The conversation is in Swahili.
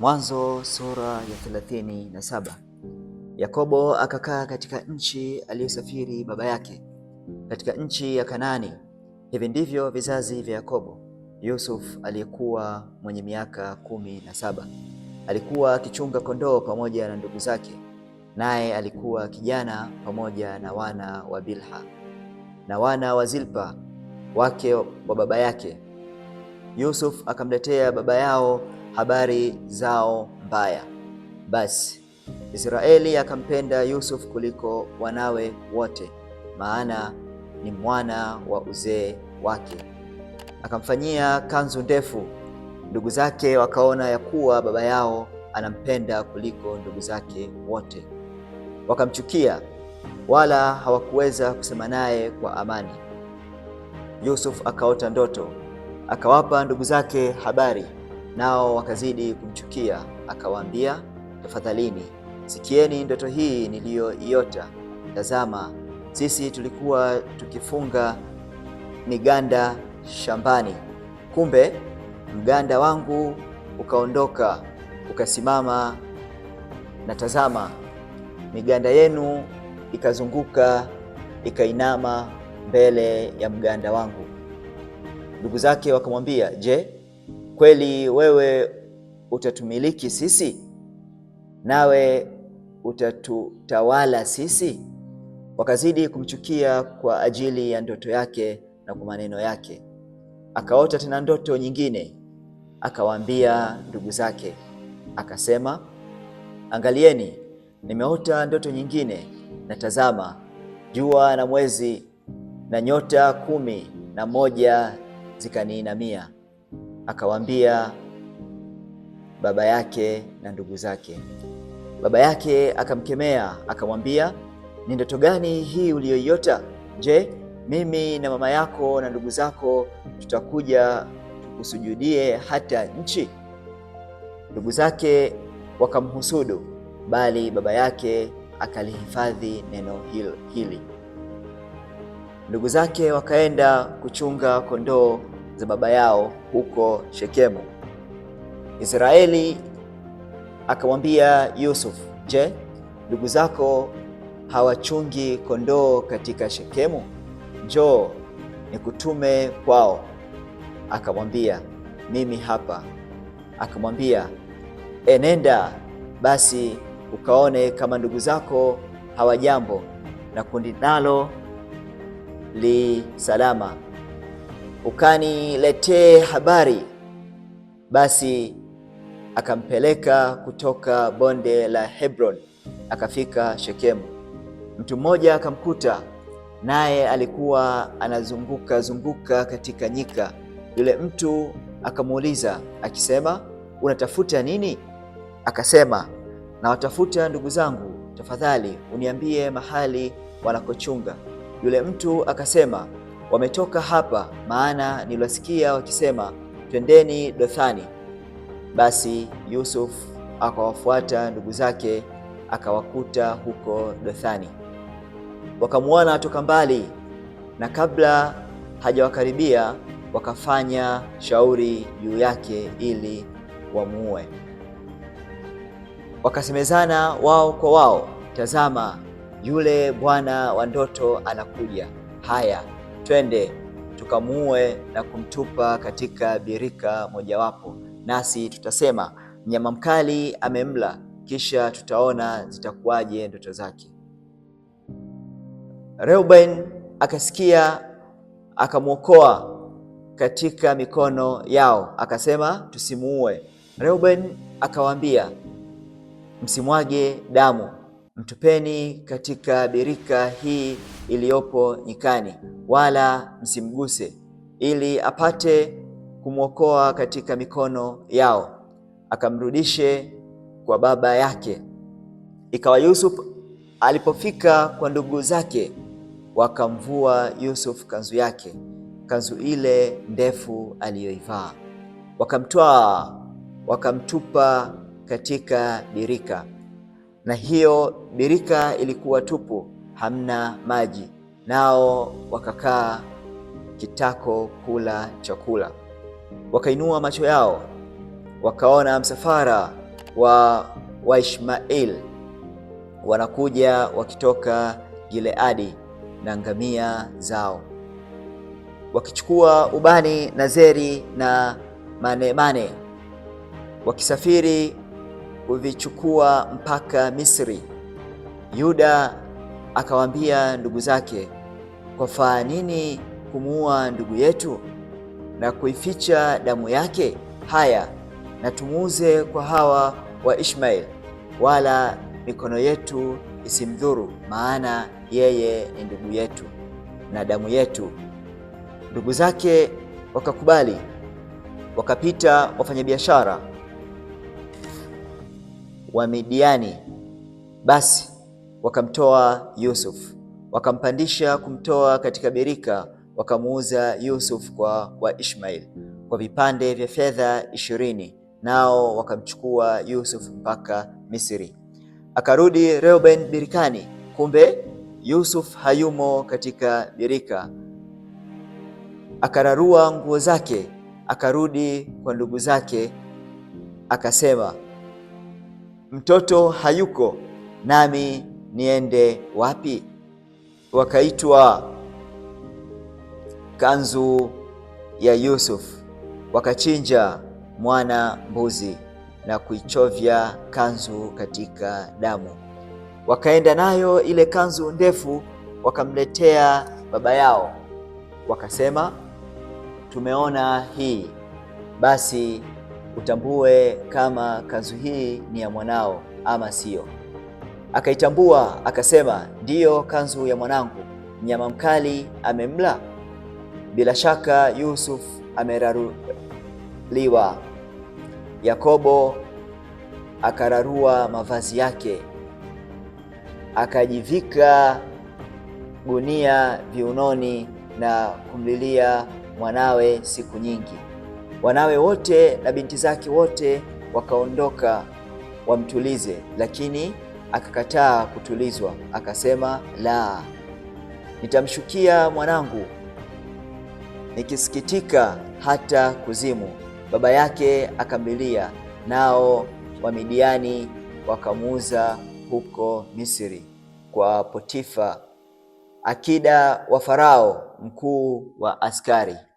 Mwanzo sura ya 37. na Yakobo akakaa katika nchi aliyosafiri baba yake, katika nchi ya Kanaani. Hivi ndivyo vizazi vya Yakobo. Yusuf aliyekuwa mwenye miaka kumi na saba alikuwa akichunga kondoo pamoja na ndugu zake, naye alikuwa kijana pamoja na wana wa Bilha na wana wa Zilpa wake wa baba yake. Yusuf akamletea baba yao habari zao mbaya. Basi Israeli akampenda Yusuf kuliko wanawe wote, maana ni mwana wa uzee wake. Akamfanyia kanzu ndefu. Ndugu zake wakaona ya kuwa baba yao anampenda kuliko ndugu zake wote, wakamchukia wala hawakuweza kusema naye kwa amani. Yusuf akaota ndoto, akawapa ndugu zake habari nao wakazidi kumchukia. Akawaambia, tafadhalini sikieni ndoto hii niliyoiota. Tazama, sisi tulikuwa tukifunga miganda shambani, kumbe mganda wangu ukaondoka ukasimama, na tazama miganda yenu ikazunguka ikainama mbele ya mganda wangu. Ndugu zake wakamwambia, je, kweli wewe utatumiliki sisi nawe utatutawala sisi? Wakazidi kumchukia kwa ajili ya ndoto yake na kwa maneno yake. Akaota tena ndoto nyingine, akawaambia ndugu zake akasema, angalieni, nimeota ndoto nyingine, na tazama, jua na mwezi na nyota kumi na moja zikaniinamia akawaambia baba yake na ndugu zake. Baba yake akamkemea akamwambia, ni ndoto gani hii uliyoiota? Je, mimi na mama yako na ndugu zako tutakuja tukusujudie hata nchi? Ndugu zake wakamhusudu, bali baba yake akalihifadhi neno hili. Ndugu zake wakaenda kuchunga kondoo za baba yao huko Shekemu. Israeli akamwambia Yusuf, je, ndugu zako hawachungi kondoo katika Shekemu? Njoo nikutume kwao. Akamwambia, mimi hapa. Akamwambia, enenda basi ukaone kama ndugu zako hawajambo na kundi nalo li salama ukaniletee habari. Basi akampeleka kutoka bonde la Hebron akafika Shekemu. Mtu mmoja akamkuta, naye alikuwa anazunguka zunguka katika nyika. Yule mtu akamuuliza akisema, unatafuta nini? Akasema, nawatafuta ndugu zangu, tafadhali uniambie mahali wanakochunga. Yule mtu akasema wametoka hapa, maana niliwasikia wakisema twendeni Dothani. Basi Yusuf akawafuata ndugu zake, akawakuta huko Dothani. Wakamwona toka mbali, na kabla hajawakaribia wakafanya shauri juu yake ili wamuue. Wakasemezana wao kwa wao, tazama, yule bwana wa ndoto anakuja, haya twende tukamuue na kumtupa katika birika mojawapo, nasi tutasema mnyama mkali amemla, kisha tutaona zitakuwaje ndoto zake. Reuben akasikia akamwokoa katika mikono yao, akasema tusimuue. Reuben akawaambia msimwage damu mtupeni katika birika hii iliyopo nyikani, wala msimguse, ili apate kumwokoa katika mikono yao, akamrudishe kwa baba yake. Ikawa Yusuf alipofika kwa ndugu zake, wakamvua Yusuf kanzu yake, kanzu ile ndefu aliyoivaa, wakamtwaa, wakamtupa katika birika na hiyo birika ilikuwa tupu, hamna maji, nao wakakaa kitako kula chakula. Wakainua macho yao wakaona msafara wa Waishmael wanakuja wakitoka Gileadi na ngamia zao wakichukua ubani na zeri na manemane wakisafiri kuvichukua mpaka Misri. Yuda akawaambia ndugu zake, faa nini kumuua ndugu yetu na kuificha damu yake? Haya, na tumuuze kwa hawa wa Ishmael, wala mikono yetu isimdhuru, maana yeye ni ndugu yetu na damu yetu. Ndugu zake wakakubali, wakapita wafanyabiashara wa Midiani. Basi wakamtoa Yusuf, wakampandisha kumtoa katika birika, wakamuuza Yusuf kwa kwa Ishmael kwa vipande vya fedha ishirini, nao wakamchukua Yusuf mpaka Misri. Akarudi Reuben birikani, kumbe Yusuf hayumo katika birika. Akararua nguo zake, akarudi kwa ndugu zake, akasema mtoto hayuko, nami niende wapi? Wakaitwa kanzu ya yusuf wakachinja mwana mbuzi na kuichovya kanzu katika damu. Wakaenda nayo ile kanzu ndefu, wakamletea baba yao, wakasema, tumeona hii basi utambue kama kanzu hii ni ya mwanao ama siyo. Akaitambua akasema, ndiyo kanzu ya mwanangu, mnyama mkali amemla. Bila shaka Yusuf ameraruliwa. Yakobo akararua mavazi yake, akajivika gunia viunoni na kumlilia mwanawe siku nyingi. Wanawe wote na binti zake wote wakaondoka wamtulize, lakini akakataa kutulizwa, akasema, la, nitamshukia mwanangu nikisikitika hata kuzimu. Baba yake akamlilia, nao Wamidiani wakamuuza huko Misri kwa Potifa, akida wa Farao, mkuu wa askari.